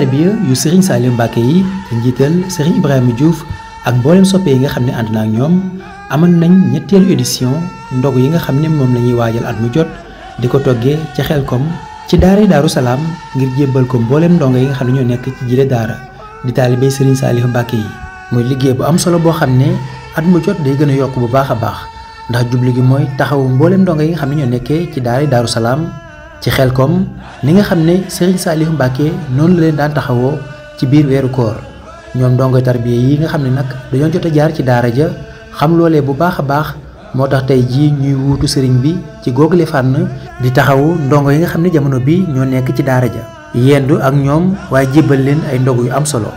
tarbiya yu Serigne Saliou Mbacke yi te njiital Serigne Ibrahima Diouf ak mboolem soppe yi nga xam ne ànd naa ak ñoom amal nañ ñetteelu édition ndog yi nga xam ne moom la ñuy waajal at mu jot di ko toggee ca kom ci daara Daaru Salaam ngir jébbal ko mboolem ndongo yi nga xam ne ñoo nekk ci jile daara di taalibey Serigne Saliou Mbacke yi mooy liggéey bu am solo boo xam ne at mu jot day gën a yokk bu baax a baax ndax jublu gi mooy taxawu mboolem ndongo yi nga xam ne ñoo nekkee ci daara Daaru Salaam ci Xelcom ni nga xam ne Serigne Saliou Mbacké noonu la leen daan taxawoo ci biir weeru koor ñoom ndongo tarbiya yi nga xam ne nag dañoo jot a jaar ci daara ja xam loolee bu baax a baax moo tax tey jii ñuy wuutu sëriñ bi ci googule fànn di taxawu ndongo yi nga xam ne jamono bi ñoo nekk ci daara ja yendu ak ñoom waaye jébbal leen ay ndogu yu am solo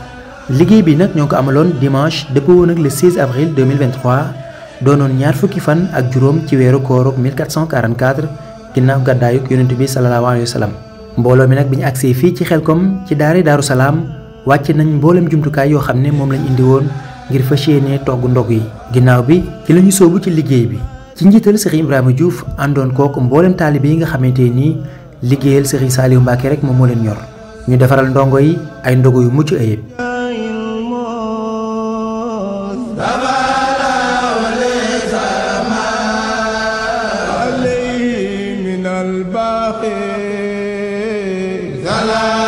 liggéey bi nag ñoo ko amaloon dimanche dëppoo woon ak le 16 avril 2023 doonoon ñaar fukki fan ak juróom ci weeru kooruk 1444 ginnaaw gàddaayuk yonent bi salallaahu alayhi wa sallam mbooloo mi nag bi ñu agsee fii ci xel xelkom ci daare daaru salaam wàcc nañ mboolem jumtukaay yoo xam ne moom lañ indi woon ngir fas yéene togg ndog yi ginnaaw bi ci lañu soobu ci liggéey bi ci njiital Serigne Ibrahima Diouf àndoon kook mboolem taalibe yi nga xamante nii liggéeyal Serigne Saliou Mbacke rek moom moo leen ñor ñu defaral ndongo yi ay ndogu yu mucc ayib الباقي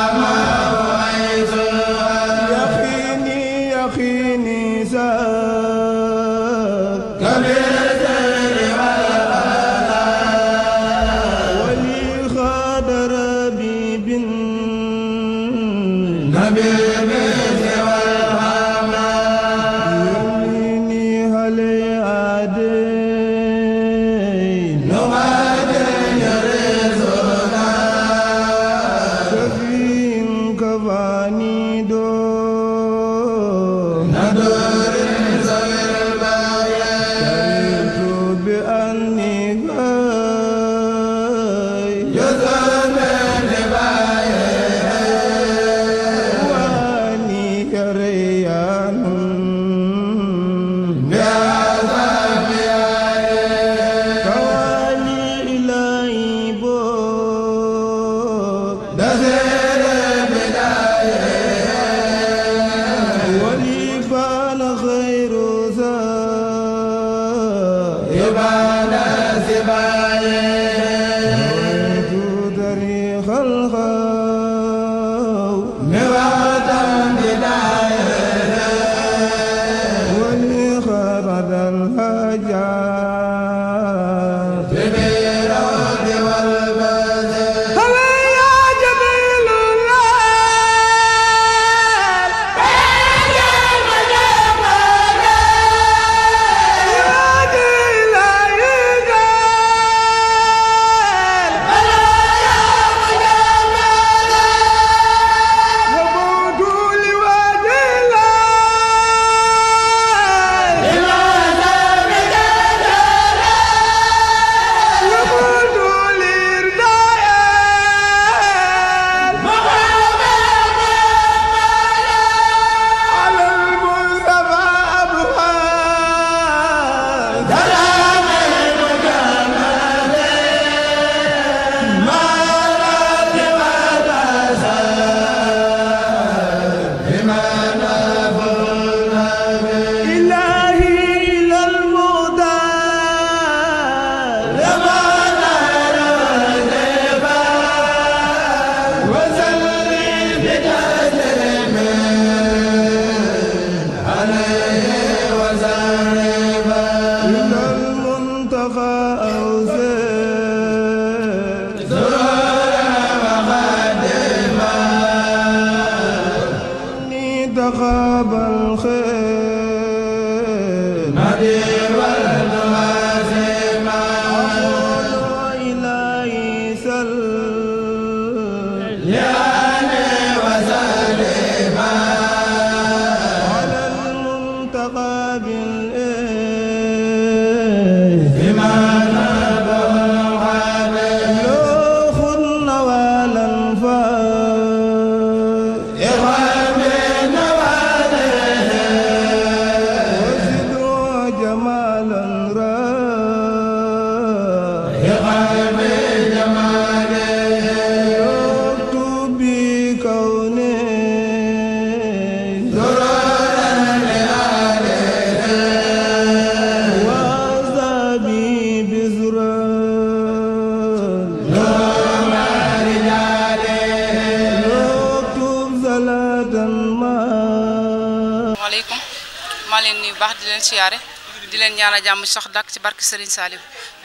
ñaanal jàmm sax dàkk ci barke Serigne Saliou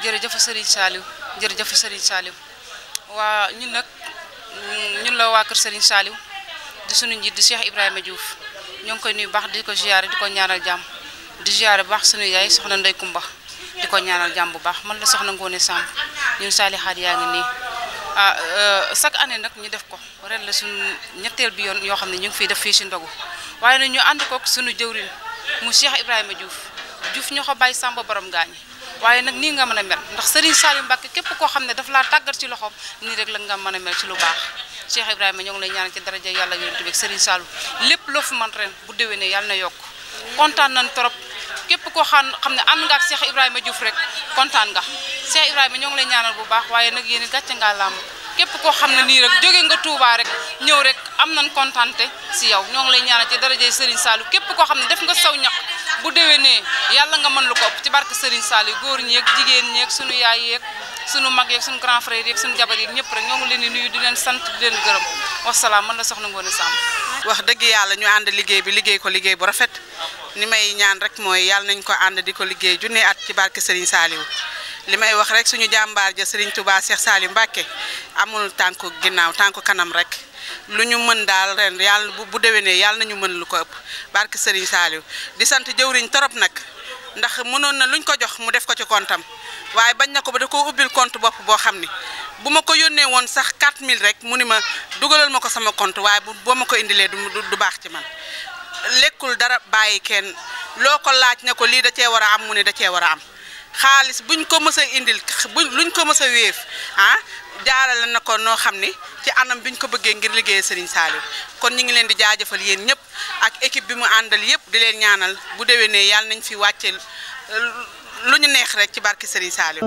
jërëjëf Serigne Saliou jërëjëf Serigne Saliou waa ñu nag ñun la waa kër Serigne Saliou di suñu njiit di Cheikh Ibrahima Diouf ñoo ngi koy nuyu baax di ko ziyaare di ko ñaaral jàmm di ziyaare bu baax sunu yaay soxna Ndey Kumba di ko ñaaral jàmm bu baax man la soxna Ngoone Samb ñun Salihaat yaa ngi nii ah euh, chaque année nag ñu def ko ren la suñu ñetteel bi yoon yoo xam ne ñu ngi fiy def fii si ndogu waaye nag ñu kook sunu jëwrin mu Cheikh Ibrahima Diouf Diouf ñoo ko bàyyi Samba borom gaañi waaye nag ni nga mën a mel ndax Serigne Saliou Mbacké képp koo xam ne daf laa tàggat ci loxo nii rek la nga mën a mel ci lu baax Cheikh Ibrahima ñoo ngi lay ñaan ci daraja yàlla yonent bi Serigne Saliou lépp loo fi man ren bu ne yàlla na yokk kontaan nañ trop képp koo xam ne ànd nga ak seex Ibrahima Diouf rek kontaan nga Cheikh Ibrahima ñoo ngi lay ñaanal bu baax waaye nag yéen gàcce ngaa làmb képp koo xam ne nii rek jóge nga Touba rek ñëw rek am nañ kontante si yow ñoo ngi lay ñaanal ci darajey Serigne Saliou képp koo xam ne def nga saw ñax bu nee yàlla nga mën lu ko ëpp ci barke Serigne Saliou góor ñeek jigéen ñeeg sunu yaay yeeg sunu mag yeeg sunu grand frère yeeg sunu jabar yeeg ñëpp rek ñoo ngi leen di nuyu di leen sant di leen gërëm wasalaam mën na soxna Ngoné Samb wax dëgg yàlla ñu ànd liggéey bi liggéey ko liggéey bu rafet ni may ñaan rek mooy yàlla nañ ko ànd di ko liggéey junne at ci barke Serigne Saliou li may wax rek suñu jàmbaar ja Serigne Touba Cheikh Saliou Mbacké amul tànku ginnaaw tànku kanam rek lu ñu mën daal ren yàlla bu bu déwénee yàlla nañu mën lu ko ëpp barke Serigne Saliou di sant jëwriñ torop nag ndax mënoon na luñ ko jox mu def ko ci kontam waaye bañ na ko ba da koo ubbil compte bopp boo xam ni bu ma ko yónnee woon sax 4000 rek mu ni ma dugalal ma ko sama compte waaye bu boo ma ko indilee du du baax ci man lekkul dara bàyyi kenn loo ko laaj ne ko lii da cee war a am mu ne da cee war a am. xaalis buñ ko mës a indil buñ luñ ko mës a wéef ah jaarale na ko noo xam ni ci anam biñ ko bëggee ngir liggéeyal Serigne Saliou kon ñu ngi leen di jaajëfal yéen ñëpp ak équipe bi mu àndal yëpp di leen ñaanal bu déwénee yàlla nañ fi wàcceel lu ñu neex rek ci barke Serigne Saliou.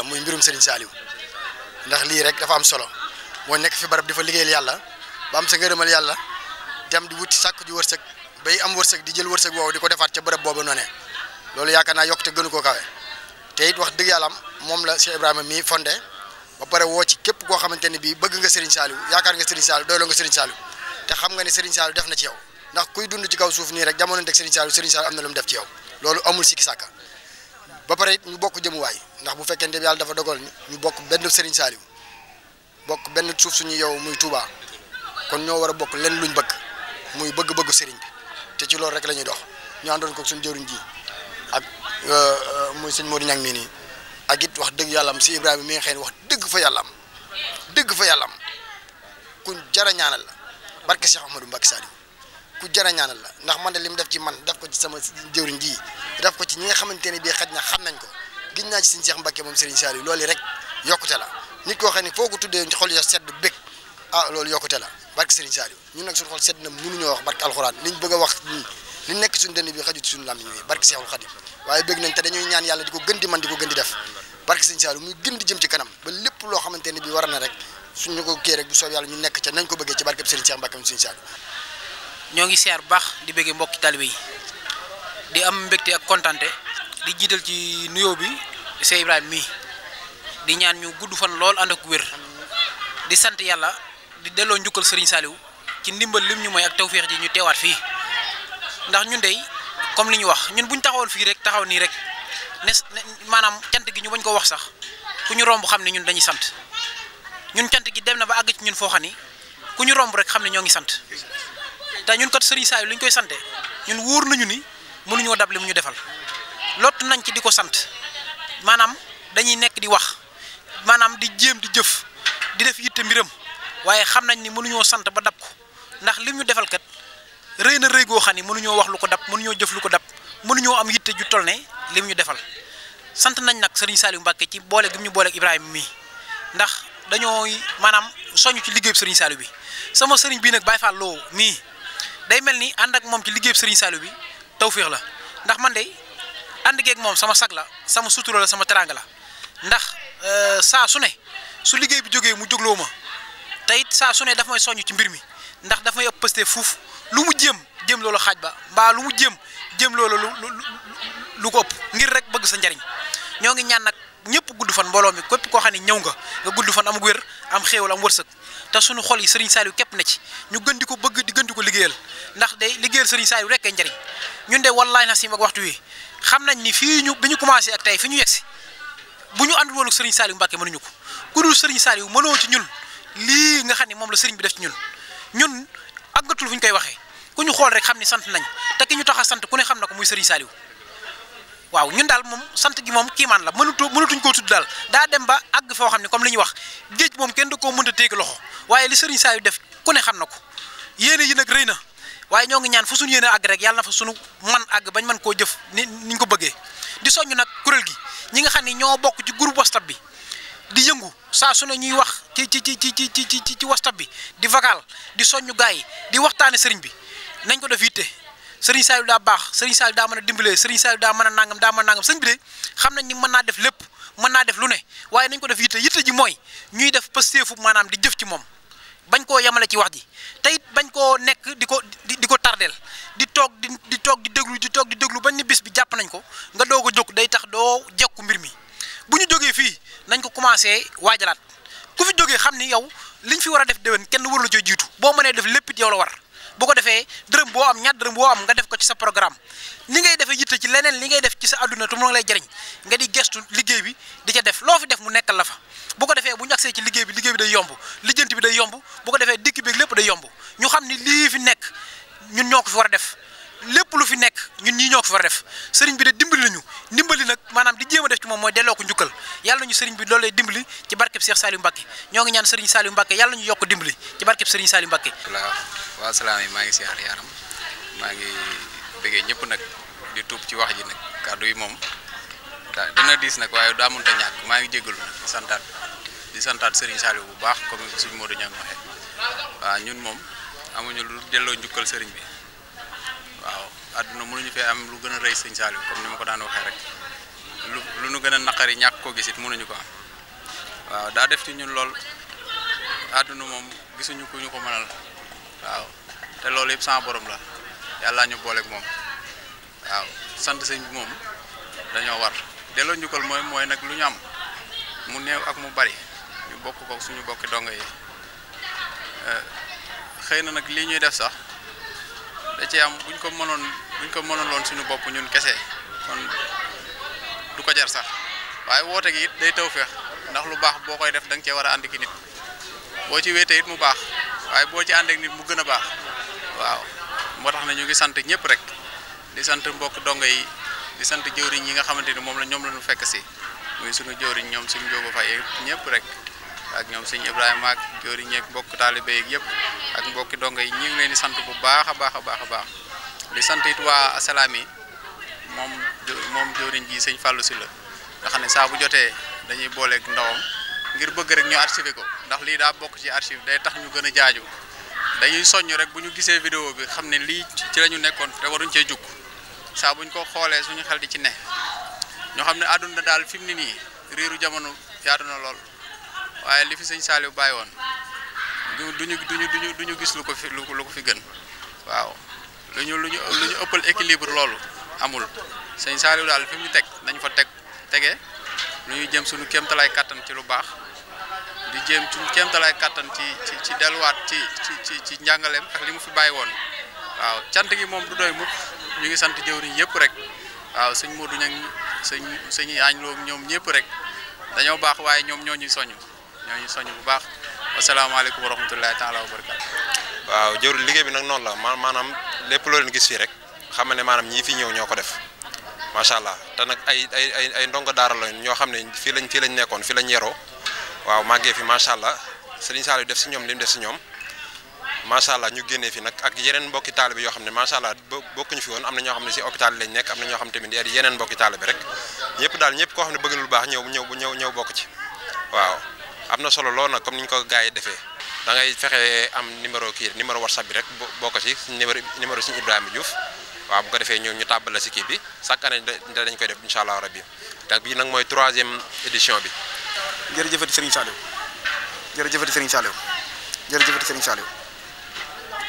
la muy mbirum Serigne Saliou ndax lii rek dafa am solo moo nekk fi barab di fa liggéeyal yàlla ba am sa ngërëmal yàlla dem di wuti sàkk ju wërsëg bay am wërsëg di jël wërsëg woowu di ko defaat ca bërëb boobu noonee loolu yaakaar naa yokkute gënu koo kawe te it wax dëgg yàlla moom la Cheikh mii fondé ba pare woo ci képp koo xamante ne bii bëgg nga Serigne Saliou yaakaar nga Serigne Saliou doyloo nga Serigne Saliou te xam nga ne Serigne def na ci yow ndax kuy dund ci kaw suuf nii rek jamono teg Serigne Saliou Serigne Saliou am na lu mu def ci yow loolu amul sikki sàkka ba pare it ñu bokk jëmuwaay ndax bu fekkente bi yàlla dafa dogal ni ñu bokk benn Serigne Saliou bokk benn suuf suñu yow muy Touba kon ñoo war a bokk lenn luñ bëgg muy bëgg bëgg sëriñ te ci loolu rek lañuy dox ñu àndoon ko suñ jëwriñ ji ak euh, euh, muy sëñ Modou Niang mii nii ak it wax dëgg yàlla am si Ibrahima mi nga xëy wax dëgg fa yàlla am dëgg fa yàlla am kuñ jara ñaanal la barke Cheikh Ahmadou Mbacké Saliou ku jarañaanal la ndax man de li mu def ci man def ko ci sama jëwriñ ji def ko ci ñi nga xamante ne bii xaj na xam nañ ko gis naa ci sëñ Cheikh Mbacke moom Serigne Saliou loolu rek yokkute la nit koo xam ne tuddee xol yo sedd bég ah loolu yokkute la barke Serigne Saliou ñun nag suñu xol sedd na mënuñoo wax barke alxuraan liñ a wax ñaan yàlla di ko gën di man di ko gën di def barke Serigne Saliou loo xamante ne bi war na rek suñu ko kii rek bu soob yàlla ñu nekk ca nañ ñoo ngi siyaar baax di bëggee mbokki taalibe yi di am mbégte ak kontante di jiital ci nuyoo bi Cheikh Ibrahima mii di ñaan ñu gudd fan lool ànd ak wér di sant yàlla di delloo njukkal Serigne saaliw ci ndimbal lim ñu mooy ak tawféex ji ñu teewaat fii ndax ñun dey comme li ñu wax ñun bu ñu taxawoon fii rek taxaw nii rek ne maanaam cant gi ñu bañ ko wax sax ku ñu romb xam ne ñun dañuy sant ñun cant gi dem na ba àgg ci ñun foo xam ku ñu romb rek xam ne ñoo ngi sant te ñun kat sëriñ saa yi li ñu koy sante ñun wóor nañu ni mënuñoo dab li mu ñu defal lott nañ ci di ko sant maanaam dañuy nekk di wax maanaam di jéem di jëf di def yitte mbiram waaye xam nañ ni mënuñoo sant ba dab ko ndax lim ñu defal kat rëy na rëy goo xam ni mënuñoo wax lu ko dab mënuñoo jëf lu ko dab mënuñoo am yitte ju toll ne lim ñu defal sant nañ nag sëriñ Saliou Mbacke ci boole gi ñu booleeg Ibrahima mii ndax dañoo maanaam soñu ci liggéey sëriñ Saliou bi sama sëriñ bii nag Baye mii day mel ni ànd ak moom ci liggéey liggéeyub Serigne Saliou bi tawféex la ndax man de ànd geeg moom sama sag la sama sutura la sama teraanga la ndax euh, saa su ne su liggéey bi jógee mu jógloo ma te saa su ne daf may soññ ci mbir mi ndax dafa may ëpp pëste fuuf lu mu jëm jéem loola xaaj ba mbaa lu mu jëm jéem loola lu lu ko ëpp ngir rek bëgg sa njariñ ñoo ngi ñaan nag ñëpp gudd fan mbooloo mi képp koo xam ne ñëw nga nga gudd fan am wér am xéewal am wërsëg. te suñu xool yi sëriñ Saliou képp na ci ñu gën di ko bëgg di gën di ko liggéeyal ndax day liggéeyal sëriñ Saliou rek ay njëriñ ñun de wallaahi na si mag waxtu wi xam nañ ni fii ñu bi ñu commencé ak tey fi ñu yegsi bu ñu àndul woon ak sëriñ Saliou Mbacke mënuñu ko ku dul sëriñ Saliou mënoo ci ñun lii nga xam ne moom la sëriñ bi def ci ñun ñun àggatul fu ñu koy waxee ku ñu xool rek xam ni sant nañ te ki ñu tax a sant ku ne xam na ko muy sëriñ Saliou waaw ñun daal moom sant gi moom kiimaan la mënutu mënutuñ koo tudd daal daa dem ba àgg foo xam ne comme li ñu wax géej moom kenn da koo mënta téeg loxo waaye li sëriñ saa yu def ku ne xam na ko yéene yi nag rëy na waaye ñoo ngi ñaan fa suñu yéene àgg rek yàlla na fa suñu man àgg bañ man koo jëf ni niñ ko bëggee di soññu nag kuréel gi ñi nga xam ne ñoo bokk ci groupe WhatsApp bi di yëngu saa su ne ñuy wax ci ci ci ci ci ci ci WhatsApp bi di vocal di soññu gars yi di waxtaane sëriñ bi nañ ko def yitte sëriñ Saliou daa baax sëriñ Saliou daa mën a dimbalee sëriñ Saliou daa mën a nangam daa mën a nangam sëñ bi de xam nañ ni mën naa def lépp mën naa def lu ne waaye nañ ko def yitte yitte ji mooy ñuy def pësteefu maanaam di jëf ci moom bañ koo yemale ci wax ji te bañ koo nekk di ko di ko tardeel di toog di di toog di déglu di toog di déglu bañ ni bis bi jàpp nañ ko nga doog a jóg day tax doo jekku mbir mi bu ñu jógee fii nañ ko commencé waajalaat ku fi jógee xam ni yow liñ fi war a def déwén kenn warula coo jiitu boo mënee def lépp yow la war bu ko defee dërëm boo am ñaar dërëm boo am nga def ko ci sa programme li ngay defee yitte ci leneen li ngay def ci sa adduna tu mu lay jëriñ nga di gestu liggéey bi di ca def loo fi def mu nekkal la fa bu ko defee bu ñu agsee ci liggéey bi liggéey bi day yomb lijjanti bi day yomb boo ko defee dikk bi lépp day yomb ñu xam ni lii fi nekk ñun ñoo ko fi war a def lépp lu fi nekk ñun ñii ñoo ko fi war def sëriñ bi de dimbali nañu dimbali nag maanaam di jéem a def ci moom mooy delloo ko njukkal yàlla nañu sëriñ bi loolu lay dimbali ci barkeb Cheikh Saliou Mbacké ngi ñaan sëriñ Saliou Mbacké yàlla nañu yokk dimbali ci barkeb sëriñ Saliou Mbacké waaw waa salaam yi ngi siyaar yaaram maa ngi bëggee ñëpp nag di tuub ci wax ji nag kàddu yi moom dana diis nag waaye daa mënta ñàkk maa ngi jégalu santaat di santaat sëriñ bu baax comme suñu Modou Niang ñun moom amuñu lu delloo njukkal sëriñ bi waaw àdduna mënuñu fee am lu gën a rëy sëñ Saliou comme ni ma ko daan waxee rek lu lu nu gën a naqari ñàkk koo gisit mënuñu ko am waaw daa def ci ñun lool àdduna moom gisuñu ku ñu ko mënal waaw te loolu yëpp sama borom la yàllaa ñu booleeg moom waaw sant sëñ bi moom dañoo war delloo njukkal mooy mooy nag lu ñu am mu néew ak mu bari ñu bokk ko suñu bokki dongo yi eh, xëy na nag lii ñuy def sax da ci am buñ ko mënoon buñ ko mënoon loon suñu bopp ñun kese kon du ko jar sax waaye woote gi day taw feex ndax lu baax boo koy def da nga cee war a ànd ki nit boo ci wéetee it mu baax waaye boo ci ànd nit mu gën a baax waaw moo tax na ñu ngi sant ñëpp rek di sant mbokk dongo yi di sant jëwriñ yi nga xamante ni moom la ñoom la ñu fekk si muy suñu jëwriñ ñoom suñu jóoba fay ñëpp rek ak ñoom sëñ Ibrahima ak joori ñeeg mbokk yëpp ak mbokki donga yi ñu ngi leen di sant bu baax a baax a baax a baax di sant it waa asalaami moom moom jooriñ ji sëñ Fallou si la nga xam ne saa bu jotee dañuy booleek ndawam ngir bëgg rek ñu archivé ko ndax lii daa bokk ci archive day tax ñu gën a jaaju dañuy soññ rek bu ñu gisee vidéo bi xam ne lii ci la ñu nekkoon te waruñ cee jukk saa buñ ko xoolee suñu xel di ci ne ñoo xam ne àdduna daal fim mu ne riiru jamono yaatu na lool waaye li fi sëñ Saliou bàyyi woon du duñu duñu duñu duñu gis lu ko fi lu ko fi gën waaw lu ñu lu ëppal équilibre loolu amul sëñ Saliou daal fi mu teg nañ fa teg tege lu ñu jëm suñu kéemtalaay kàttan ci lu baax di jéem suñu kéemtalaay kàttan ci ci ci delluwaat ci ci ci ci njàngaleem ak li mu fi bàyyi woon waaw cant gi moom du doy mukk ñu ngi sant jëwriñ yëpp rek waaw sëñ Modou ñag sëñ sëñ Agneloo ñoom ñëpp rek dañoo baax waaye ñoom ñoo ñuy soññ ñoo ñu soññ bu baax asalaamaaleykum wa rahmatullahi taala wa barakaatu waaw jëwr liggéey bi nag noonu la ma maanaam lépp loo leen gis fii rek xam ne maanaam ñii fi ñëw ñoo ko def macha allah te nag ay ay ay ndongo daara la ñoo xam ne fii lañ fii lañ nekkoon fii lañ yeroo waaw màggee fi macha allah Serigne Saliou def si ñoom li mu def si ñoom macha la ñu génnee fi nag ak yeneen mbokki taalibe yoo xam ne macha allah bokkuñu fi woon am na ñoo xam ne si hôpital lañ nekk am na ñoo xam tamit yeneen mbokki taalibe rek ñëpp daal ñëpp koo xam ne bëgg lu baax ñëw ñëw ñëw bokk ci waaw. am na solo lool nag comme ni ñu ko gars yi defee dangay fexe am numéro kii numéro whatsapp bi rek boo ko ci numéro numéro suñu Ibrahima Diouf waaw bu ko defee ñu ñu tàbbal la si kii bi chaque année dañ koy def incha allah rabbi donc bii nag mooy troisième édition bi. jërëjëfati Serigne Saliou jërëjëfati Serigne Saliou jërëjëfati Serigne Saliou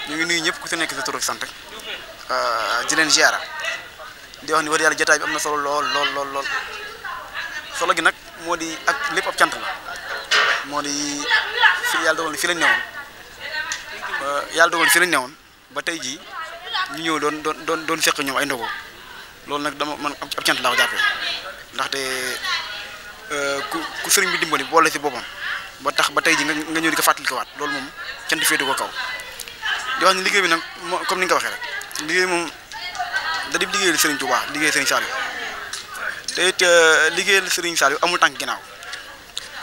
ñu ngi nuyu ñëpp ku si nekk sa tur ak sant euh, di leen ziara di wax ni war yàlla jotaay bi am na solo lool lool lool lool solo gi nag moo di ak lépp ab cant moo di fi yàlla dogal fi lañ newoon yàlla dogal fi lañ newoon ba tey jii ñu ñëw doon doon doon doon fekk ñoom ay ndogo loolu nag dama man ab cant laa ko jàppee ndaxte euh, ku ku sëriñ bi dimbali boole si boppam ba tax ba tey ji nga ñëw di ko fàttali waat loolu moom cant féetu ko kaw di wax ni liggéey bi nag comme ni nga ko waxee rek liggéey moom da di liggéeyal sëriñ Touba liggéey sëriñ Saliou te it euh, liggéeyal sëriñ Saliou amul tànk ginnaaw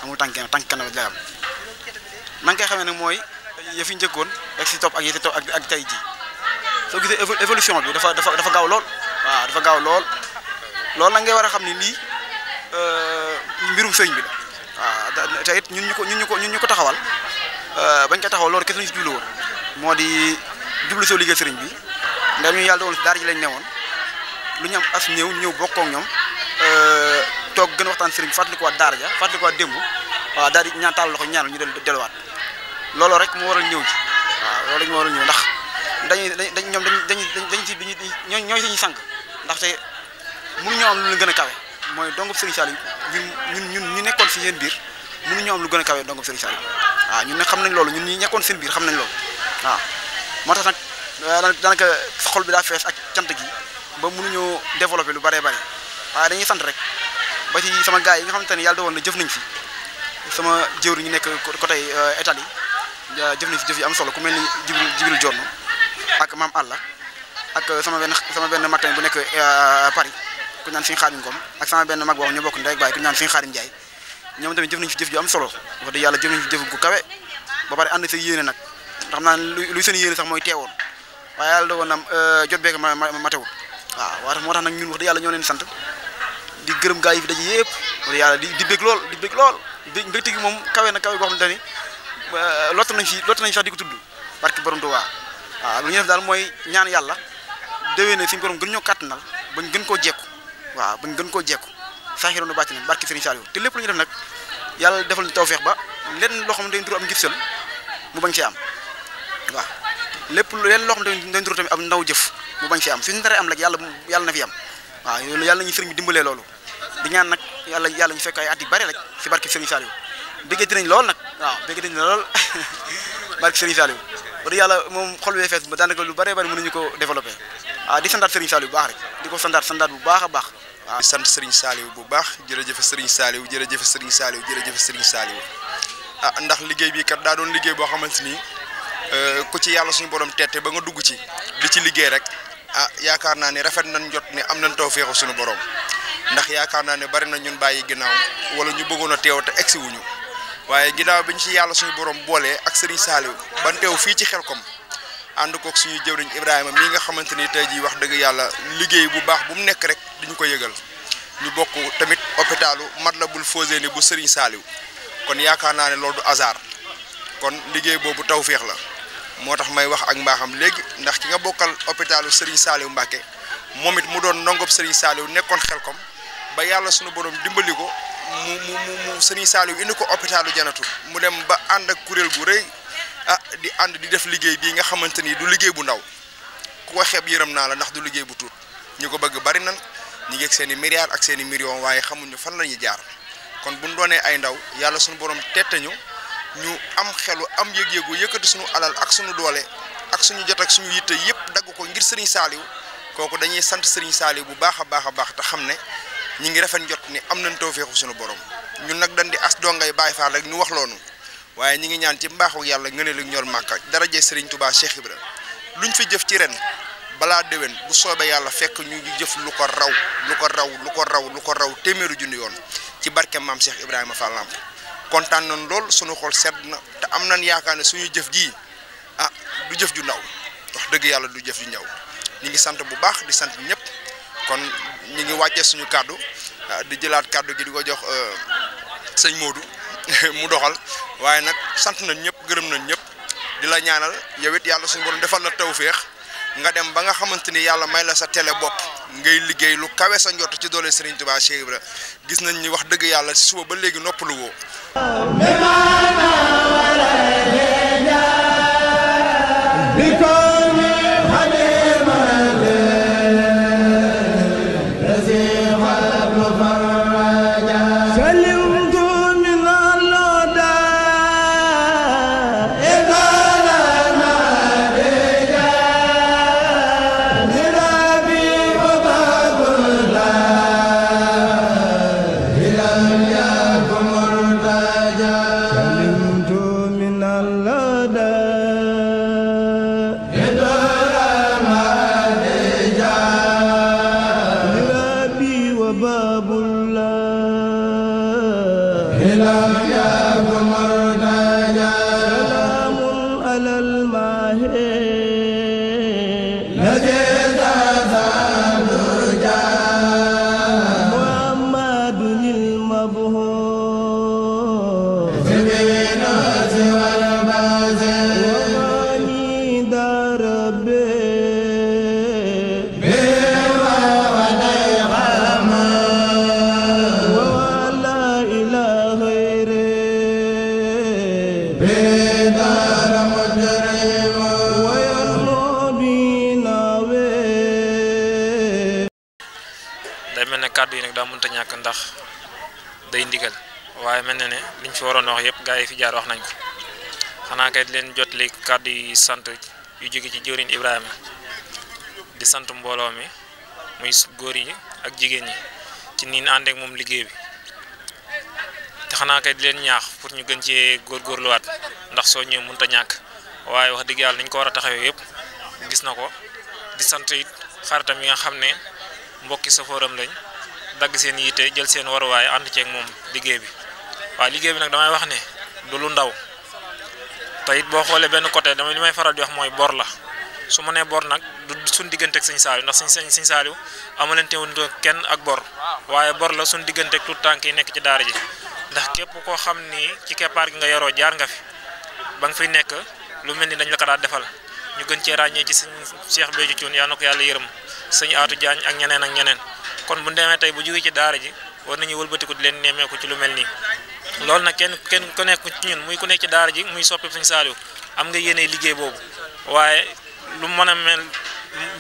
amul tànk tànk kanam la am na nga koy xamee mooy yëf yi njëkkoon ak si topp ak yi topp ak tey ji soo gisee évolution bi dafa dafa dafa gaaw lool waaw dafa gaaw lool lool nag ngay war a xam ni lii euh, mbirum sëñ bi la waaw te it ñun ñu ko ñun ñu ko ñun ñu ko taxawal euh, bañ ko taxawal loolu kese la si jublu woon moo di jublu soo liggéey sëriñ bi ndax ñu yàlla doon daara ji lañ woon lu ñu am as ñëw ñëw bokkoo ak ñoom euh, toog gën waxtaan sëriñ bi fàttalikuwaat daara ja fàttalikuwaat démb waaw daal di ñaan taal loxo ñaanal ñu del delluwaat loolu rek moo a ñëw ci waaw loolu rek moo waral ñëw ndax dañuy dañ ñoom dañ dañ ci biñu ñooy ñooy suñu sànq ndaxte mënuñoo am lu leen gën a kawe mooy dongub Serigne Saliou ñun ñun ñun ñu nekkoon si seen biir mënuñoo am lu gën a kawe dongub Serigne Saliou waaw ñun nag xam nañ loolu ñun ñi nekkoon seen biir xam nañ loolu waaw moo tax nag euh, daanaka xol bi daa fees cant gi ba mënuñoo développé lu bëree bëri waaye dañuy sant rek ba ci sama gaa yi nga xamante ne yàlla woon na jëf nañ fi sama jëwri ñu nekk côté euh, Italie jëf nañ fi jëf yi am solo ku mel ni Jibril Jibril Diorno ak maam Alla ak euh, sama benn sama benn mag tamit bu nekk euh, Paris ku ñaan Serigne Khadim Ngom ak sama benn mag boobu ñu bokk ndey ak baay ku ñaan Serigne Khadim Ndiaye ñoom tamit jëf nañ fi jëf ju am solo wax dëgg yàlla jëf nañ fi jëf gu kawe ba pare ànd sa yéene nag xam naa luy seen yéene sax mooy teewoon waaye yàlla dogoon na jot beeg ma matewul waa waaw moo tax nag ñun wax dëgg yàlla ñoo leen sant di gërëm gaa yi fi daje yëpp yàlla di di bég lool di lool bi mbégte moom kawe na kawe goo xam ne ni euh, lott nañ fi lott nañ sax di ko tudd barke borom Tuubaa waaw lu ñuy def daal mooy ñaan yàlla déwee na suñu borom gën ñoo kàttanal bañ gën koo jekku waaw bañ gën koo jekku saaxiroon na bàcc na barke Serigne Saliou te lépp lu ñu def nag yàlla defal ñu tawfeex ba lenn loo dañ duru am ngifsal mu bañ ci am waaw lépp lenn loo xam ne dañ am ndaw jëf mu bañ ci am suñu dara am rek yàlla yàlla na fi am waaw yàlla ñu sëriñ bi dimbalee loolu di ñaan nag yàlla yàlla ñu fekk at yu bari rek si barke Serigne Saliou bëggati nañ lool nag waaw bëggati nañ lool barke Serigne yàlla moom xol bee fees ba daanaka lu bëree bëri mënuñu ko développé waaw ah, di sandaat Serigne Saliou bu baax rek di ko sandaat sandaat bu baax a baax waaw sant Serigne Saliou bu baax jërëjëf Serigne Saliou jërëjëf Serigne Saliou jërëjëf Serigne Saliou ah ndax liggéey bi kat daa doon liggéey boo xamante ni euh, ku ci yàlla suñu borom tette ba nga dugg ci di ci liggéey rek ah yaakaar naa ne rafet nañ jot ne am nañ tawfeexu suñu borom ndax yaakaar naa ne bari na ñun bàyyi ginnaaw wala ñu bëggoon a teew te egsi wuñu waaye ginnaaw bi ñu ci yàlla suñu borom boolee ak Serigne Saliou ban teew fii ci xel kom ànd kook suñuy jëwriñ Ibrahima mii nga xamante ni tey jii wax dëgg yàlla liggéey bu baax bu mu nekk rek ñu ko yëgal ñu bokk tamit mat bul Matlaboul ni bu Serigne saaliw kon yaakaar naa ne loolu du hasard kon liggéey boobu tawféex la moo tax may wax ak mbaaxam léegi ndax ki nga bokkal hôpitalu Serigne Saliou Mbacke moom it mu doon ndongob Serigne Saliou nekkoon Xelkom ba yàlla sunu borom dimbali ko mu mu mu sëriñ Saliou indi ko hôpitalu janatu mu dem ba ànd ak kuréel gu rëy ah di ànd di def liggéey bii nga xamante ni du liggéey bu ndaw ku ko xeeb yërëm naa la ndax du liggéey bu tuut ñu ko bëgg bari nan ñu ngi seeni seen ak seeni i waaye xamuñu fan la ñuy jaar kon bu ñu doonee ay ndaw yàlla sunu borom tettañu ñu am xelu am yëg-yëgu yëkkati sunu alal ak sunu doolee ak suñu jot ak suñu yitte yëpp dagg ko ngir sëriñ Saliou kooku dañuy sant sëriñ Saliou bu baax a baax a baax te xam ne. ñi ngi rafet njot ni am nañ tawféexu sunu borom ñun nag dañ di as dongay Baay faa rek ñu wax loonu waaye ñi ngi ñaan ci mbaaxu yàlla ngëne lu ñor màkka seriñ Serigne Touba Cheikh Ibra luñ fi jëf ci ren balaa déwén bu soobee yàlla fekk ñu ngi jëf lu ko raw lu ko raw lu ko raw lu ko raw téeméeru junni yoon ci barke maam Cheikh Ibrahima Fall Lamp kontaan nañ lool sunu xol sedd na te am na yaakaar ne suñu jëf jii ah du jëf ju ndaw wax dëgg yàlla du jëf ju ñaw ñi ngi sant bu baax di sant ñëpp kon ñu ngi wàccee suñu kàddu ah, di jëlaat kàddu gi di ko jox euh, sëñ moodu mu doxal waaye nag sant na ñëpp gërëm nañ ñëpp di la ñaanal yow it yàlla suñu borom defal la tawféex nga dem ba nga xamante ni yàlla may la sa tele bopp ngay liggéey lu kawe sa njott ci doole Serigne Touba Cheikh Ibra gis nañ ni wax dëgg yàlla si suba ba léegi noppalu woo waaye mel na ne liñ fi waroon a wax yëpp gaa yi fi jaar wax nañ ko xanaa kay di leen jot li kàddu yi sant yu jóge ci jëwriñ Ibrahima di sant mbooloo mi muy góor yi ak jigéen ñi ci niin ànd ak moom liggéey bi te xanaa kay di leen ñaax pour ñu gën cee góorluwaat ndax soo ñëwee mënut a ñàkk waaye wax dëgg yàlla niñ ko war a taxawee yëpp gis na ko di sant it xaritam yi nga xam ne mbokki safooram lañ dagg seen yiite jël seen waruwaay ànd ceeg moom liggéey bi. waaw liggéey bi nag damay wax ne du lu ndaw te boo xoolee benn côté dama li may faral di wax mooy bor la su ma nee bor nag du suñ digganteeg sëñ Saaliw ndax sëñ sëñ Saaliw amalante wuñ kenn ak bor waaye bor la suñ digganteeg tout tànk yi nekk ci daara ji ndax képp koo xam ni ci keppaar gi nga yoroo jaar nga fi ba nga fiy nekk lu mel ni dañ la ko daal defal ñu gën cee ràññee ci sëñ Cheikh Béthio Thioune yal na ko yàlla yërëm sëñ Aatu Jaañ ak ñeneen ak ñeneen kon bu demee tey bu jógee ci daara ji war nañu wëlbatiku di leen nemmeeku ci lu mel nii loolu nag kenn kenn ku nekk ci ñun muy ku nekk ci daara ji muy soppi Sëñ Saaliw am nga yéene liggéey boobu waaye lu mën a mel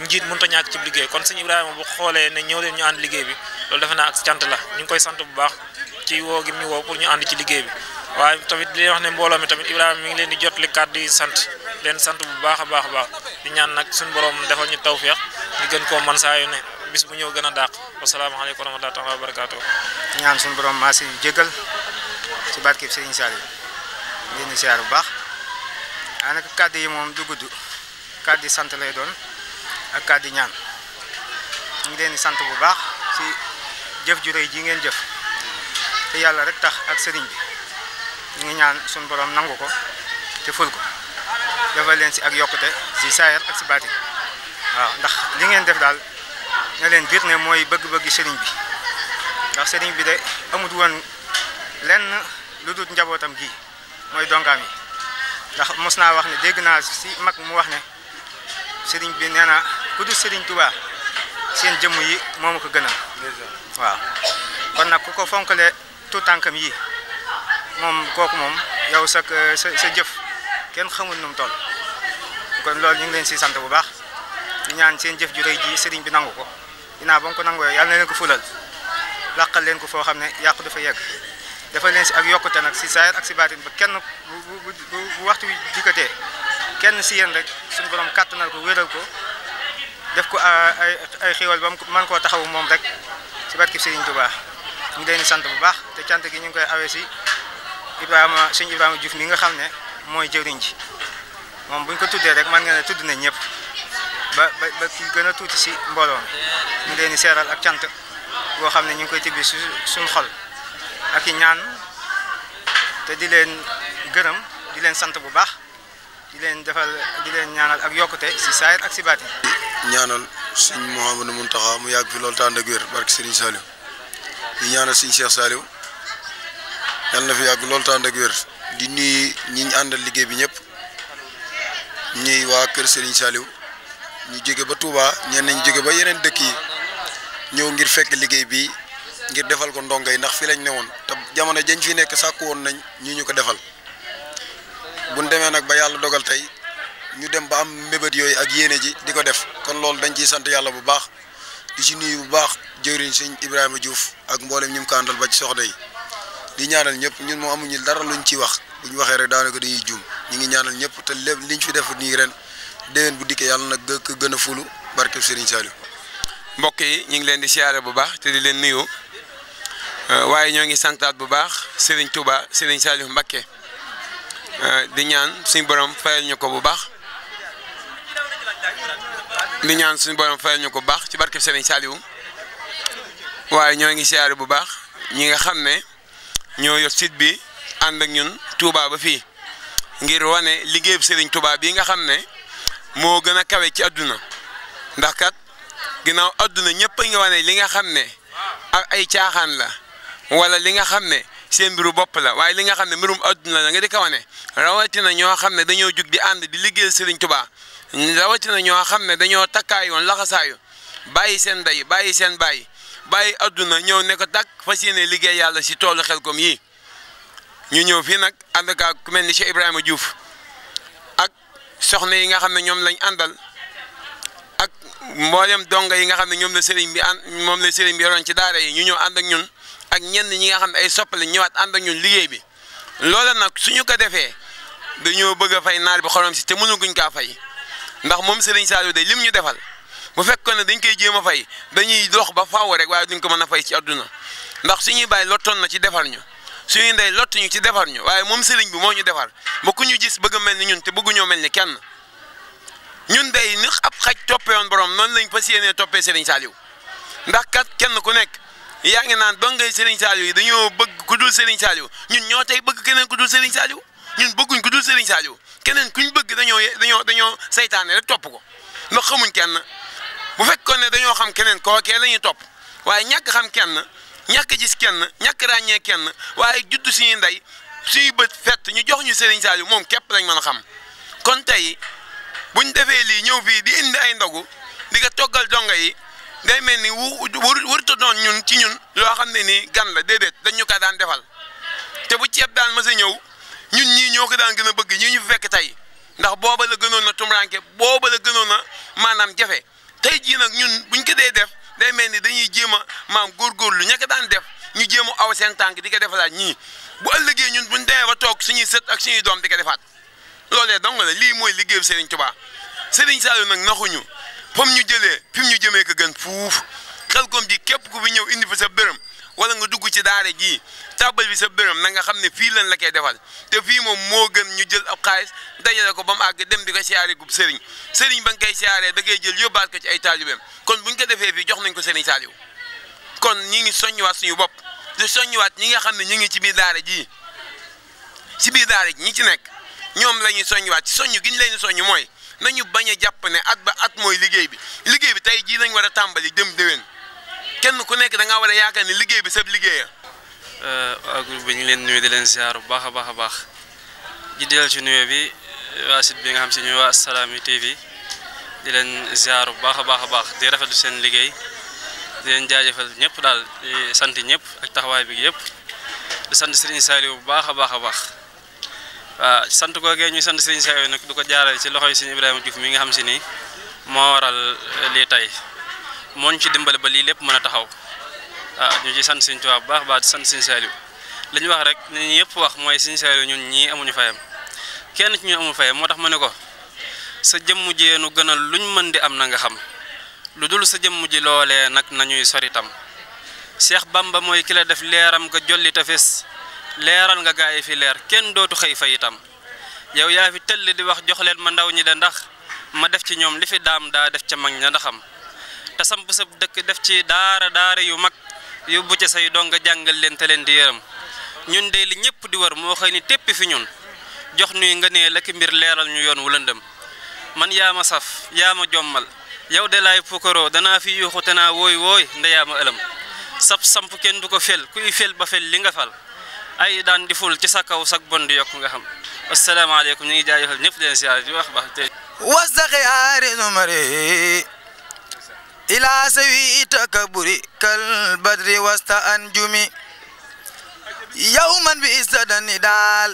njiit mënut a ñàkk ci liggéey kon Sëñ Ibrahima bu xoolee ne ñëw leen ñu ànd liggéey bi loolu defe naa ak cant la ñu ngi koy sant bu baax ci woo gi mu woo pour ñu ànd ci liggéey bi waaye tamit li wax ne mbooloo mi tamit Ibrahima mi ngi leen di jot li kàddu yi sant leen sant bu baax a baax a baax di ñaan nag suñu borom defal ñu tawféex ñu gën koo man saa yu ne bis bu ñëw gën a dàq wasalaamaaleykum wa rahmatulah wa barakaatu. ñaan suñu borom maa si jégal ci barkeb Serigne Saliou ngeen di siyaar bu baax daanaka kàddu yi moom du gudd kàddu yi sant lay doon ak kàddu ñaan ñu ngi leen di sant bu baax si jëf ju ji ngeen jëf te yàlla rek tax ak sëriñ bi ñu ngi ñaan suñ borom nangu ko te ful ko defal leen si ak yokkute ci saayar ak si baati waaw ndax li ngeen def daal na leen biir ne mooy bëgg-bëgg sëriñ bi ndax sëriñ bi de amut woon lenn lu njabootam gi mooy dongaam yi ndax mos naa wax ne dégg naa si mag mu wax ne sëriñ bi nee na ku sëriñ Tuubaa seen jëmm yi moom ko gënal waaw kon nag ku ko fonkale tout tànkam yi moom kooku moom yow sa sa sa jëf kenn xamul nu mu toll kon loolu ñu ngi leen si sant bu baax ñu ñaan seen jëf ji rëy ji sëriñ bi nangu ko dinaa ba ko nangoo yàlla na leen ko fulal làqal leen ko foo xam ne yàqu dafa yegg dafa leen si ak yokkute nag si saayir ak si baatin ba kenn bu bu waxtu wi dikkatee kenn si yéen rek suñu borom kàttanal ko wéral ko def ko ah, ay ay xéwal ba man koo taxawu moom rek si barkib Serigne Touba ñu ngi sant bu baax te cant gi ñu ngi koy awee si Ibrahima Serigne Ibrahima Diouf mi nga xam ne mooy jëriñ ji moom buñ ko tuddee rek man nga ne tudd na ñëpp ba ba ba gën a tuuti si mbooloon ñu ngi leen di seeral ak cant boo xam ne ñu ngi koy tibbi suñ suñu xol. ak i ñaan te di leen gërëm di leen sant bu baax di leen defal di leen ñaanal ak yokkute si saayir ak si baati ñaanal sëñ Mouhamadou Mountakha mu yàgg fi loolu te ànd ak wér barke sëriñ Saliou di ñaanal sëñ fi yàgg loolu te ànd ak wér di ñi ñu àndal liggéey bi ñëpp ñuy waa kër sëriñ Saliou ñu jóge ba Touba ñenn ñu jóge ba yeneen dëkk yi ñëw ngir fekk liggéey bi ngir defal ko ndongo yi ndax fii lañ woon te jamono jañ fi nekk sàkk woon nañ ñu ñu ko defal buñ demee nag ba yàlla dogal tey ñu dem ba am mébét yooyu ak yéene ji di ko def kon loolu dañ ciy sant yàlla bu baax di ci nuyu bu baax jëriñ sëñ Ibrahima Diouf ak mboolem ñu mu kàndal ba ci soxna yi di ñaanal ñëpp ñun moo amuñu dara luñ ci wax bu ñu waxee rek daanaka dañuy juum ñu ngi ñaanal ñëpp te lépp liñ fi def nii ren déwén bu dikkee yàlla nag gën a fulu barkeb Serigne Saliou mbokk yi ñu ngi leen di siyaare bu baax di leen nuyu Euh, waaye ñoo ngi santaat bu baax Serigne Touba Serigne Saliou Mbacké euh, di ñaan suñ borom fayal ñu ko bu baax di ñaan suñ borom fayal ñu ko bu baax ci barkeb Serigne Saliou waaye ñoo ngi siyaare bu baax ñi nga xam ne ñoo yor site bi ànd ak ñun Touba ba fii ngir wane liggéeyub Serigne Touba bii nga xam ne moo gën a kawe ci àdduna ndax kat ginnaaw àdduna ñëpp a ngi wane li nga xam ne ay caaxaan la. wala li nga xam ne seen mbiru bopp la waaye li nga xam ne mbirum adduna la nga di ko wane rawatina ñoo xam ne dañoo jug di ànd di liggéeyal Serigne Touba rawatina ñoo xam ne dañoo takkaayoon laxasaayu bàyyi seen day bàyyi seen baay bàyyi adduna ñëw nekk ko takk fas yéene liggéey yàlla si toolu xel Xelcom yii ñu ñëw fii nag ànd ak ku mel ni Cheikh Ibrahima Diouf ak soxna yi nga xam ne ñoom lañ àndal ak mboolem donga yi nga xam ne ñoom la sëriñ bi ànd moom la sëriñ bi yoroon ci daara yi ñu ñëw ànd ak ñun. ak ñenn ñi nga xam ne ay soppali ñëwaat ànd ak ñun liggéey bi loola nag ñu ko defee dañoo bëgg a fay naar bi xorom si te mënaguñ kaa fay ndax moom Serigne Saliou day lim ñu defal bu fekkoon ne dañ koy jéem a fay dañuy dox ba faaw rek waaye duñ ko mën a fay ci àdduna ndax suñuy bàyyi lottoon na ci defar ñu suñuy ndey lottu ñu ci defar ñu waaye moom Serigne bi moo ñu defar ba ku ñu gis bëgg mel ni ñun te bëgguñoo mel ni kenn ñun day ni ab xaj toppee woon borom noonu lañ fas yéenee toppee Serigne Saliou ndax kat kenn ku nekk. yaa ngi naan dong ngay Serigne Saliou yi dañoo bëgg ku dul Serigne Saliou ñun ñoo tey bëgg keneen ku dul Serigne Saliou ñun bëgguñ ku dul Serigne Saliou keneen kuñ bëgg dañoo dañoo dañoo saytaane rek topp ko ndax xamuñ kenn bu fekkoon ne dañoo xam keneen kookee la ñuy topp waaye ñàkk xam kenn ñàkk gis kenn ñàkk ràññee kenn waaye juddu suñuy nday suñuy bët fet ñu jox ñu Serigne Saliou moom képp lañ mën a xam kon tey buñ defee lii ñëw fii di indi ay ndogu di nga toggal dongo yi. day mel ni wu waru warut doon ñun ci ñun loo xam ne nii gan la déedéet dañ ñu ko daan defal te bu ceeb daan mës a ñëw ñun ñii ñoo ko daan gën a bëgg ñii ñu fekk tey ndax booba la gënoon na tumuraanke booba la gënoon na maanaam jafe tey jii nag ñun buñ ko dee def day mel ni dañuy jéem a maam góorgóorlu ña ko daan def ñu jéem a aw seen tànk di ko defalaat ñii bu ëllëgee ñun buñ demee ba toog suñuy sët ak suñuy doom di ko defaat loolee dong la lii mooy liggéeyu Serigne Touba Serigne Saliou nag naxuñu fam ñu jëlee fi ñu jëmee ko gën fuuf Xelcom ji képp ku fi ñëw indi fi sa bërëm wala nga dugg ci daare jii tàbbal fi sa bërëm na nga xam ne fii lan la koy defal te fii moom moo gën ñu jël ab xaalis dajale ko ba mu àgg dem di ko siyaare gub sëriñ sëriñ ba nga koy siyaaree da ngay jël yóbbaat ko ci ay taalibeem kon buñ ko defee fii jox nañ ko sëriñ Saliou kon ñi ngi soññiwaat suñu bopp di ñi nga xam ne ñu ngi ci biir daara jii ci biir daara ji ñi ci nekk ñoom la ñuy soññiwaat ci soññ gi ñu leen soññ mooy nañu bañ a jàpp ne at ba at mooy liggéey bi liggéey bi tey jii lañ war a tàmbali dem déwén kenn ku nekk da war a yaakaar ne liggéey bi sab liggéeya. Euh, waa groupe bi ñu leen nuyu di leen ziar bu baax a baax a baax di dellu bi waa bi nga xam si ñuy waa Assalaamy TV di leen ziar bu baax a baax a baax di rafetlu seen liggéey di leen jaajëfal ñëpp daal di sant ñëpp ak taxawaay bi yëpp di sant Serigne Saliou bu baax a baax a baax. waaw ah, sant googee ñuy sant sëriñ Saliou nag du ko jaarale ci loxoy sëriñ Ibrahima Diouf mi nga xam si ni moo waral eh, lii tey moo ñu ci dimbale ba lii lépp mën a taxaw waaw ah, ñu ci sant sëriñ Tuubaa bu baax baax di sant sëriñ Saliou li ñu wax rek ni ñu yëpp wax mooy sëriñ Saliou ñun ñii amuñu fayam kenn ci ñu amu fayam moo tax ma ne ko sa jëmm jee nu gënal luñ mën di am na nga xam lu dul sa jëmm ji loolee nag nañuy sori tam Cheikh Bamba mooy ki la def leeram ko jolli tefes leeral nga gaa yi fi leer kenn dootu xëy fa itam yow yaa fi tëll di wax jox leen ma ndaw ñi de ndax ma def ci ñoom li fi daam daa def ca mag ña ndaxam te samp sa dëkk def ci daara daara yu mag yóbbu ca say dong jàngal leen te leen di yërëm ñun de li ñëpp di war moo xëy ni téppi fi ñun jox nuy nga nee lakk mbir leeral ñu yoon wu lëndëm man yaa ma saf yaa ma jommal yow de laay pukkaro danaa fi yuuxu te naa wooy wooy ndeyaa ma ëlëm sab samp kenn du ko fel kuy fel li nga fal ay daan di ci sa kaw sak bon yokk nga xam asalaamaaleykum ñu ngi jaajëfal ñëpp leen siyaare di wax baax tey wasaxi aari numari ila sawi takaburi kal badri wasta anjumi yawman bi istadan nidaal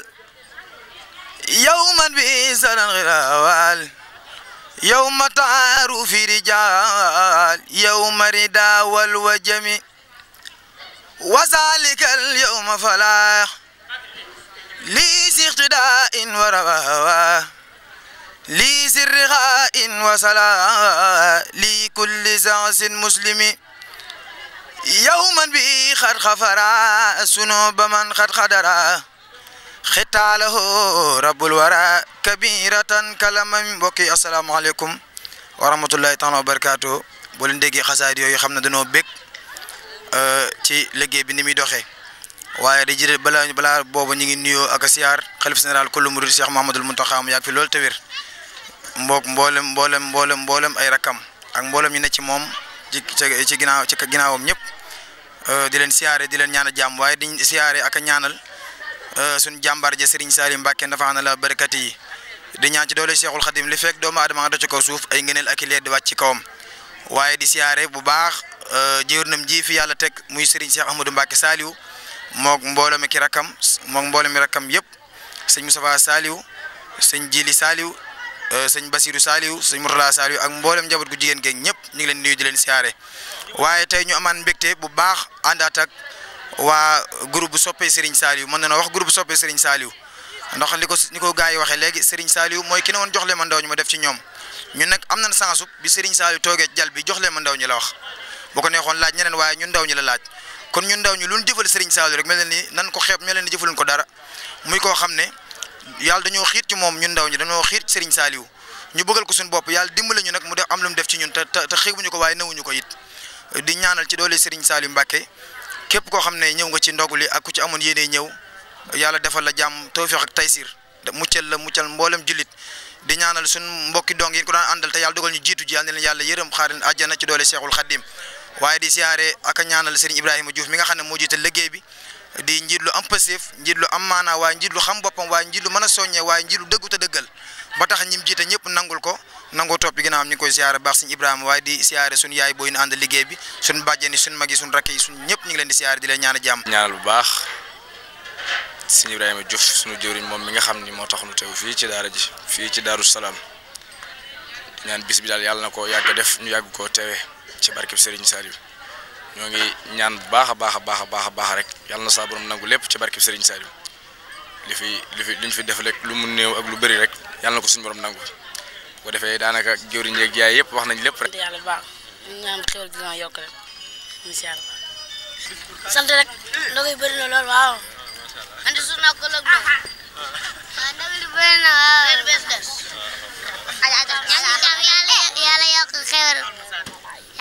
yawman bi istadan xirawal yawma taaru fi rijaal yawma ridawal wajami وذلك اليوم فلاح لي ذي اقتداء ورواء لي ذي رخاء وصلاة لكل زعس مسلم يوما به قد غفرا ذنوب من قد قدرا xitaalaho rabbul wara kabiratan kalamam mbokki asalaamaaleykum wa rahmatullahi taala wa barakaatu boo leen déggee xasaayid yooyu xam ne dañoo bég Euh, ci liggéey bi ni muy doxee waaye di jël balaa balaa boobu ñu ngi nuyoo ak a siyaar xalif général kullu murid Cheikh Mahamadul Muntaxa mu yàgg fi loolu te wér mbook mboolem mboolem mboolem mboolem ay rakkam ak mboolem ñu ne ci moom ci ci ginnaaw ci ñëpp euh, di leen siyaare di leen ñaanal jàmm waaye di siyaare ak a ñaanal euh, suñu jàmbaar ja Serigne Salim Mbacke dafa na la barakat yi di ñaan ci doole Cheikhul Khadim li fekk doomu aadama nga dox ci kaw suuf a ngëneel ak i leer di wàcc ci kawam waaye Euh, jëwrinam ji fi yàlla teg muy Serigne Cheikh Ahmadou Mbacke Saliou moog mbooloo mi ki rakam moog mbooloo mi rakam yëpp sëñ Moustapha Saliou sëñ Jili Saliou euh, sëñ Basirou Saliou sëñ Mourtala Saliou ak mboolem njaboot gu jigéen geeg ñëpp ñu ngi leen nuyu di leen siyaare waaye te ñu amaan mbégte bu baax àndaat ak waa groupe bu soppee Serigne Saliou mën na na wax groupe bu soppee Serigne Saliou ndax li ko ni ko gars yi waxee léegi Serigne Saliou mooy ki ne woon jox leen ma ndaw ñu ma def ci ñoom ñun nag am nañ chance bi Serigne Saliou toogee ci jal bi jox leen ma ndaw ñu la wax boo ko neexoon laaj ñeneen waaye ñun ndaw ñi la laaj kon ñun ndaw ñi lu ñu jëfal Serigne Saliou rek mel na ni nan ko xeeb mel na ni jëfaluñ ko dara muy koo xam ne yàlla dañoo xiir ci moom ñun ndaw ñi dañoo xiir ci Serigne Saliou ñu bëggal ko suñu bopp yàlla dimbale ñu nag mu def am lu mu def ci ñun ta te xeebuñu ko waaye nawuñu ko it di ñaanal ci doole Serigne Saliou Mbacké képp koo xam ne ñëw nga ci ndogu li ak ku ci amoon yéene ñëw yàlla defal la jàmm tawfiq ak taysir muccal la muccal mboolem jullit di ñaanal suñ mbokki dong yi ko daan àndal te yàlla dogal ñu jiitu ji yàlla na leen yàlla yërëm xaarin àjjana ci doole Seexul Xaddim waaye di siyaare ak a ñaanal Serigne Ibrahima Diouf mi nga xam ne moo jiite liggéey di njiit am pasif njiit am maanaa waaye njiit xam boppam waaye njiit lu a soññee waaye njiit lu dëggal ba tax ñim jiite ñëpp nangul ko nangoo topp ginnaawam ñu ngi koy siyaare baax Serigne Ibrahima waaye di siyaare suñu yaay booy ñu ànd liggéey bi suñu bàjjeni suñu mag yi suñu rakk yi ngi leen di siyaare di leen ñaan jàmm ñaanal bu baax Serigne Ibrahima moom mi nga xam ni moo tax nu teew fii ci daara ji fii ci Daaru Salaam ñaan bis bi daal yàlla na ko yàgg def ñu yàgg koo teewee ci barkeb Serigne Saliou ñoo ngi ñaan bu baax a baax a baax a baax a baax rek yàlla na saa borom nangu lépp ci barkeb sëriñ Saliou li fi li fi li mu fi def rek lu mu néew ak lu bari rek yàlla na ko suñu borom nangu bu defee daanaka jëwriñ yeeg jaay yëpp wax nañ lépp rek. yàlla baax ñaan xéwal gi ma rek ndox yi bëri lool waaw. andi su ah, na ko lëg doon. waaw ndox ah, ah, yi yokk xéwal.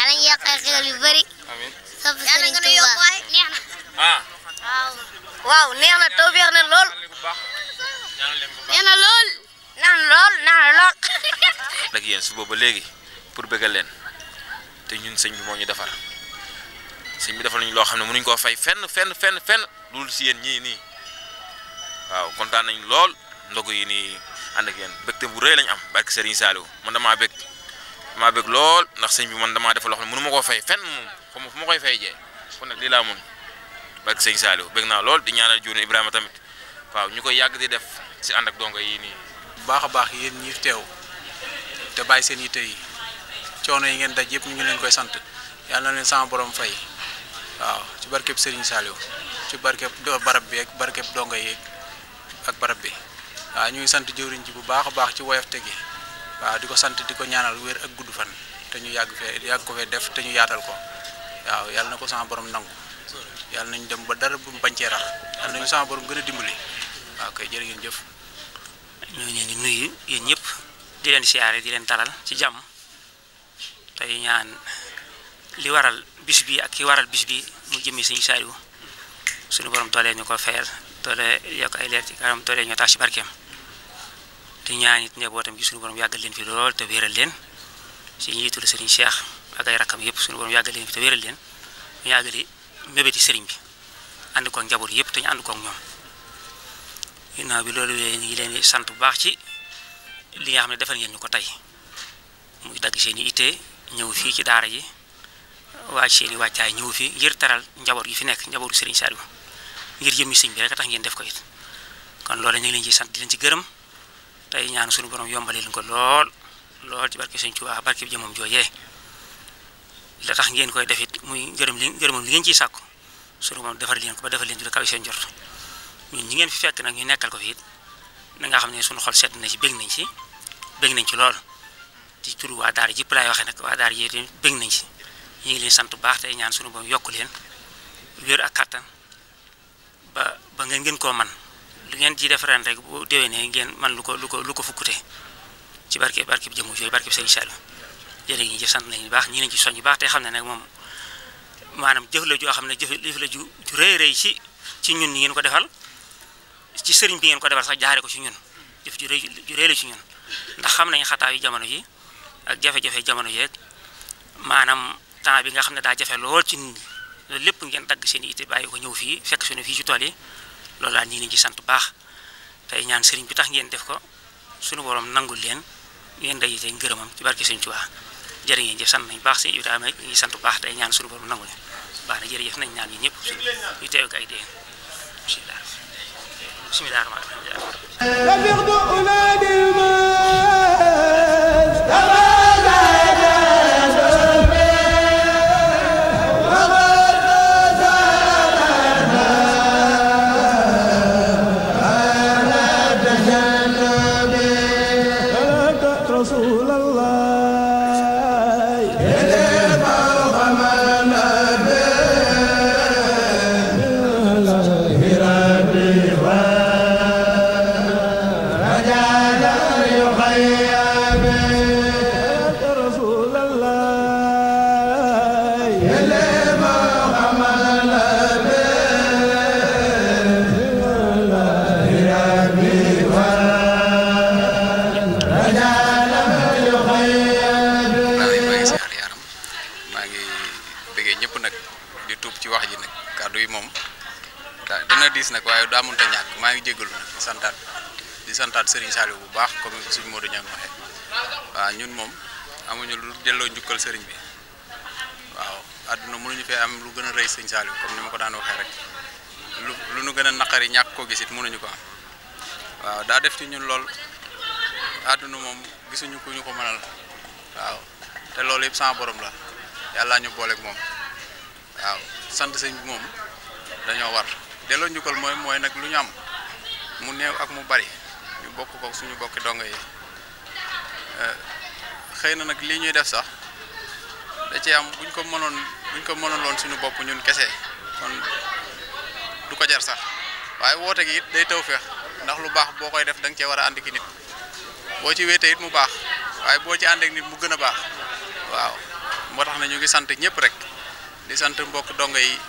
yàlla ñu yokk ay xéwal yu bëri. amiin nga nu yokk waay waaw. neex na taw feex na lool. neex na lool. neex na lool neex na lool. nag yéen suba ba léegi pour bëggal leen te ñun sëñ bi moo ñu defar sëñ bi defar nañu loo xam ne mu mënuñ koo fay fenn fenn fenn fenn loolu si yéen ñii nii waaw kontaan nañ lool ndogu yi nii ànd ak yéen bégte bu rëy lañ am barke Serigne Saliou man damaa bég. maa bëgg lool ndax sëñ bi man damaa defal loo xam ne mënu koo fay fenn moom xaw fu ma koy fay jee kon nag lii laa mun barke sëñ Saliou bëgg naa lool di ñaanal Diourné Ibrahima tamit waaw ñu koy yàgg di def si ànd ak dongo yi nii. bu baax a baax yéen ñi teew te bàyyi seen yitte yi coono yi ngeen daj yëpp ñu ngi leen koy sant yàlla na leen sama fay waaw ci barkeb Serigne Saliou ci barkeb barab bi ak dongo yi ak bi waaw sant jëwriñ ji bu baax a baax ci woyofte gi. waaw di ko sant di ko ñaanal wér ak gudd fan te ñu yàgg fee yàgg ko fee def te ñu yaatal ko waaw yàlla na ko sama boroom nangu yàlla nañ dem ba dara bu mu bañ cee rax yàlla nañu sama boroom gën a dimbali waaw kay jërë ngeen jëf. ñoo ngi leen di nuyu yéen ñëpp di leen siyaare di leen talal ci jàmm tey ñaan li waral bis bi ak ki waral bis bi mu jëmee Sëñ Saliou suñu borom toolee ñu ko fayal toolee yokk ay leer ci kanam toolee ñu tax ci barkeem. te ñaan it njabootam gi suñu borom yàggal leen fi lool te wéeral leen si njiitul sëriñ Cheikh ak ay rakkam yëpp suñu borom yàggal leen fi te wéeral leen ñu yàggale mébéti sëriñ bi ànd ko ak njaboot yëpp te ñu ànd ko bi loolu ñu ngi leen di sant bu baax ci li nga xam ne defal ngeen ñu ko tey mu dagg seen ite ittee ñëw fii ci daara ji waaj seen i wàccaay ñëw fi ngir teral njaboot gi fi nekk njabootu sëriñ Saliou ngir jëmmi sëñ bi rek tax ngeen def ko it kon loolu ñu ngi leen ci sant di leen ci gërëm. tey ñaan sunu suñu yombalee yombalil ko lool lool ci barke Sëñ Tuubaa barke bi jëmam joojee da tax ngeen koy defit muy ngërëm li ngërëmam li ngeen ci sàkku suñu borom defar leen ko ba defar leen ci lu kaw seen jot ñun ñi ngeen fi fekk nag ñu nekkal ko fi it na nga xam ne suñu xol sedd na ci bég nañ ci bég nañ ci lool ci turu waa daara jëpp laay waxee nag waa daara yi tamit nañ ci ñu ngi leen sant bu baax tey ñaan suñu borom yokku leen wér ak kàttan ba ba ngeen ngeen koo man lu ngeen ci def ren rek bu déwénee ngeen man lu ko lu ko lu ko fukkute ci barke barke bi jëmu jooyu barke bi sëriñ Saliou jërë ngeen jëf sant nañu baax ñi ci soñ bu baax te xam ne nag moom maanaam jëf joo xam ne jëf la ju ju ci ci ñun ñi ngeen ko defal ci sëriñ bi ngeen ko defal sax jaare ko ci ñun jëf ju rëy ju rëy la ci ñun ndax xam nañ xataa jamono yi ak jafe-jafe jamono yeeg maanaam temps bi nga xam ne daa jafe lool ci nit ñi loolu lépp ngeen dagg seen yitte bàyyi ko ñëw fii fekk suñu fii ci tool yi loolu daal ñu ngi leen ci sant bu baax tey ñaan sëriñ bi tax ngeen def ko sunu borom nangul leen ngeen day tey ngërëmam ci barke Sëriñ Tuubaa jërë ngeen jëf sant nañ baax sëriñ Ibrahima ñu sant bu baax tey ñaan suñu borom nangul leen baax na jërëjëf nañ ñaan ñi ñëpp ñu teew ak ay dee bismillah bismillah rahmaan daa mënta ñàkk maa ngi jégalu nag di santaat di santaat Serigne Saliou bu baax comme suñu Modou Niang waxee waaw ñun moom amuñu lu delloo njukkal sëriñ bi waaw adduna àdduna mënuñu fee am lu gën a rëy Serigne Saliou comme ni ma ko daan waxee rek lu lu nu gën a naqari ñàkk ko gisit mënuñu ko am waaw daa def ci ñun lool àdduna moom gisuñu ko ñu ko mënal waaw te loolu yëpp sans borom la yàllaa ñu booleeg moom waaw sant sëñ moom dañoo war. delloo njukkal mooy mooy nag lu ñu am mu néew ak mu bari ñu bokk ko suñu bokki dongo yi euh, xëy na nag lii ñuy def sax da ci am buñ ko mënoon buñ ko mënoon loon suñu bopp ñun kese kon du ko jar sax waaye woote gi it day taw feex ndax lu baax boo koy def da nga war a ànd ki nit boo ci wéetee it mu baax waaye boo ci ànd nit mu gën a baax waaw moo tax na ñu ngi sant ñëpp rek di sant mbokk dongo yi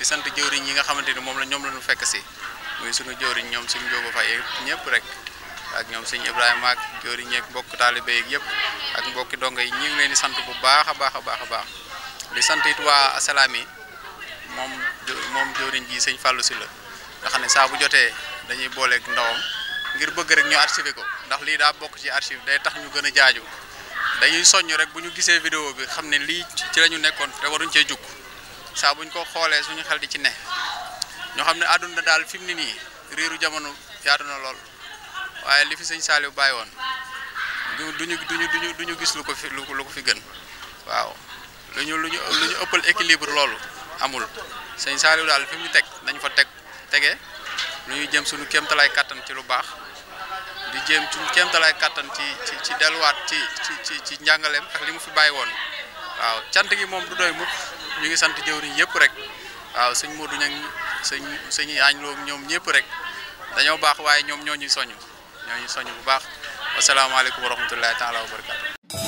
di sant jëwriñ yi nga xamante ni moom la ñoom la ñu fekk si muy sunu jëwriñ ñoom suñ jóoba fay ñëpp rek ak ñoom suñ Ibrahima ak jëwriñ yeeg mbokk yëpp ak mbokki dongo yi ñu ngi di sant bu baax a baax a baax di sant it waa Assalaamy moom moom jëwriñ ji sëñ Fallou si la nga xam ne saa bu jotee dañuy booleek ndawam ngir bëgg rek ñu archivé ko ndax lii daa bokk ci archive day tax ñu gën a jaaju dañuy soññ rek bu ñu gisee vidéo bi xam ne lii ci la ñu nekkoon te waruñ cee jukk saa buñ ko xoolee suñu xel di ci ne ñoo xam ne àdduna daal fi mu ne nii riiru jamono yaatu na lool waaye li fi sëñ Saliou bàyyi woon du duñu duñu duñu duñu gis lu ko fi lu ko fi gën waaw lu ñu lu ñu lu ëppal équilibre loolu amul sëñ Saliou daal fi mu teg nañ fa teg tege lu ñu jëm suñu kéemtalaay kàttan ci lu baax di jéem suñu kéemtalaay kàttan ci ci ci ci ci ci ci njàngaleem ak li mu fi bàyyi woon waaw cant gi moom du doy mukk ñu ngi sant jëwriñ yëpp rek waaw sëñ Modou ñag sëñ sëñu aañloo ñoom ñëpp rek dañoo baax waaye ñoom ñoo ñuy soññ ñoo ñuy soññ bu baax wasalaamaaleykum wa rahmatullahi taala barakatu